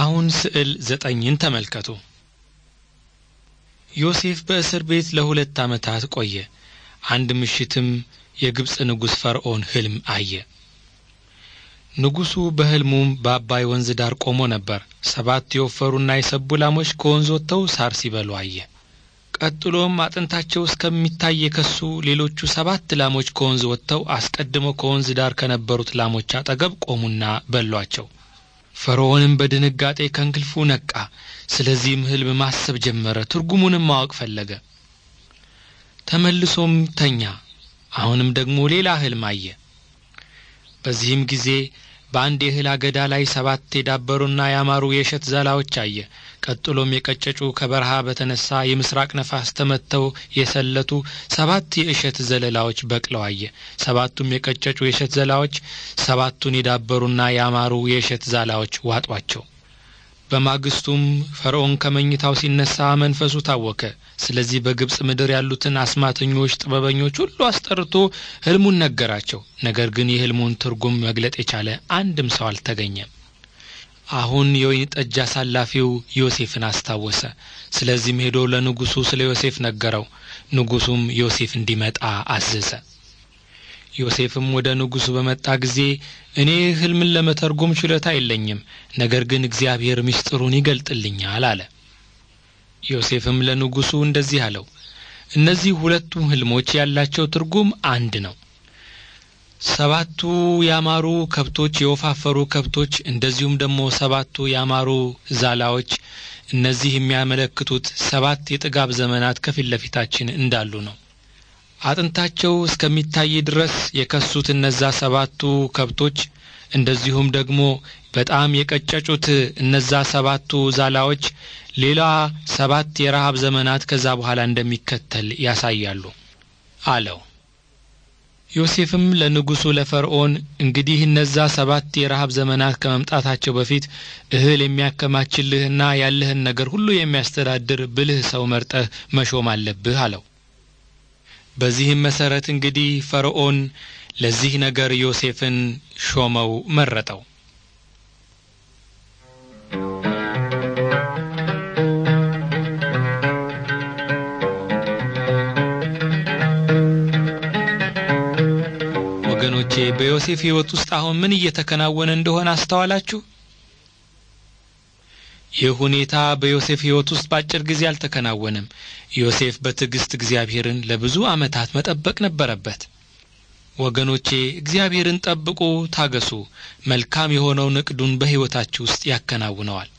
አሁን ስዕል ዘጠኝን ተመልከቱ። ዮሴፍ በእስር ቤት ለሁለት ዓመታት ቆየ። አንድ ምሽትም የግብፅ ንጉሥ ፈርዖን ሕልም አየ። ንጉሡ በሕልሙም በአባይ ወንዝ ዳር ቆሞ ነበር። ሰባት የወፈሩና የሰቡ ላሞች ከወንዝ ወጥተው ሳር ሲበሉ አየ። ቀጥሎም አጥንታቸው እስከሚታይ የከሱ ሌሎቹ ሰባት ላሞች ከወንዝ ወጥተው አስቀድሞ ከወንዝ ዳር ከነበሩት ላሞች አጠገብ ቆሙና በሏቸው። ፈርዖንም በድንጋጤ ከእንቅልፉ ነቃ። ስለዚህም ሕልም ማሰብ ጀመረ። ትርጉሙንም ማወቅ ፈለገ። ተመልሶም ተኛ። አሁንም ደግሞ ሌላ ሕልም አየ። በዚህም ጊዜ በአንድ የእህል አገዳ ላይ ሰባት የዳበሩና ያማሩ የእሸት ዘላዎች አየ። ቀጥሎም የቀጨጩ ከበረሃ በተነሳ የምስራቅ ነፋስ ተመተው የሰለቱ ሰባት የእሸት ዘለላዎች በቅለው አየ። ሰባቱም የቀጨጩ የእሸት ዘላዎች ሰባቱን የዳበሩና ያማሩ የእሸት ዛላዎች ዋጧቸው። በማግስቱም ፈርዖን ከመኝታው ሲነሳ መንፈሱ ታወከ። ስለዚህ በግብፅ ምድር ያሉትን አስማተኞች፣ ጥበበኞች ሁሉ አስጠርቶ ህልሙን ነገራቸው። ነገር ግን የህልሙን ትርጉም መግለጥ የቻለ አንድም ሰው አልተገኘም። አሁን የወይን ጠጅ አሳላፊው ዮሴፍን አስታወሰ። ስለዚህም ሄዶ ለንጉሱ ስለ ዮሴፍ ነገረው። ንጉሱም ዮሴፍ እንዲመጣ አዘዘ። ዮሴፍም ወደ ንጉሡ በመጣ ጊዜ እኔ ሕልምን ለመተርጎም ችሎታ የለኝም፣ ነገር ግን እግዚአብሔር ምስጢሩን ይገልጥልኛል አለ። ዮሴፍም ለንጉሡ እንደዚህ አለው፣ እነዚህ ሁለቱም ሕልሞች ያላቸው ትርጉም አንድ ነው። ሰባቱ ያማሩ ከብቶች፣ የወፋፈሩ ከብቶች፣ እንደዚሁም ደግሞ ሰባቱ ያማሩ ዛላዎች፣ እነዚህ የሚያመለክቱት ሰባት የጥጋብ ዘመናት ከፊት ለፊታችን እንዳሉ ነው። አጥንታቸው እስከሚታይ ድረስ የከሱት እነዛ ሰባቱ ከብቶች እንደዚሁም ደግሞ በጣም የቀጨጩት እነዛ ሰባቱ ዛላዎች ሌላ ሰባት የረሃብ ዘመናት ከዛ በኋላ እንደሚከተል ያሳያሉ አለው። ዮሴፍም ለንጉሡ ለፈርዖን እንግዲህ እነዛ ሰባት የረሃብ ዘመናት ከመምጣታቸው በፊት እህል የሚያከማችልህና ያለህን ነገር ሁሉ የሚያስተዳድር ብልህ ሰው መርጠህ መሾም አለብህ አለው። በዚህም መሰረት እንግዲህ ፈርዖን ለዚህ ነገር ዮሴፍን ሾመው መረጠው። ወገኖቼ በዮሴፍ ሕይወት ውስጥ አሁን ምን እየተከናወነ እንደሆነ አስተዋላችሁ? ይህ ሁኔታ በዮሴፍ ሕይወት ውስጥ በአጭር ጊዜ አልተከናወነም። ዮሴፍ በትዕግሥት እግዚአብሔርን ለብዙ ዓመታት መጠበቅ ነበረበት። ወገኖቼ እግዚአብሔርን ጠብቁ፣ ታገሱ። መልካም የሆነውን ዕቅዱን በሕይወታችሁ ውስጥ ያከናውነዋል።